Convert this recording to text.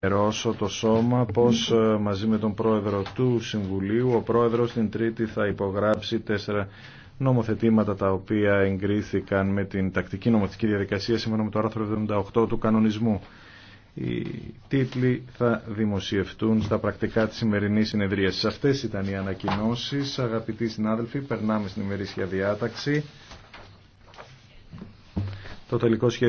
ερώσω το σώμα πως ε, μαζί με τον πρόεδρο του Συμβουλίου ο πρόεδρος την Τρίτη θα υπογράψει τέσσερα νομοθετήματα τα οποία εγκρίθηκαν με την τακτική νομοθετική διαδικασία σύμφωνα με το άρθρο 78 του κανονισμού. Οι τίτλοι θα δημοσιευτούν στα πρακτικά της σημερινής συνεδρίασης. Αυτές ήταν οι ανακοινώσει. Αγαπητοί συνάδελφοι, περνάμε στην ημερήσια διάταξη. Το τελικό σχέδιο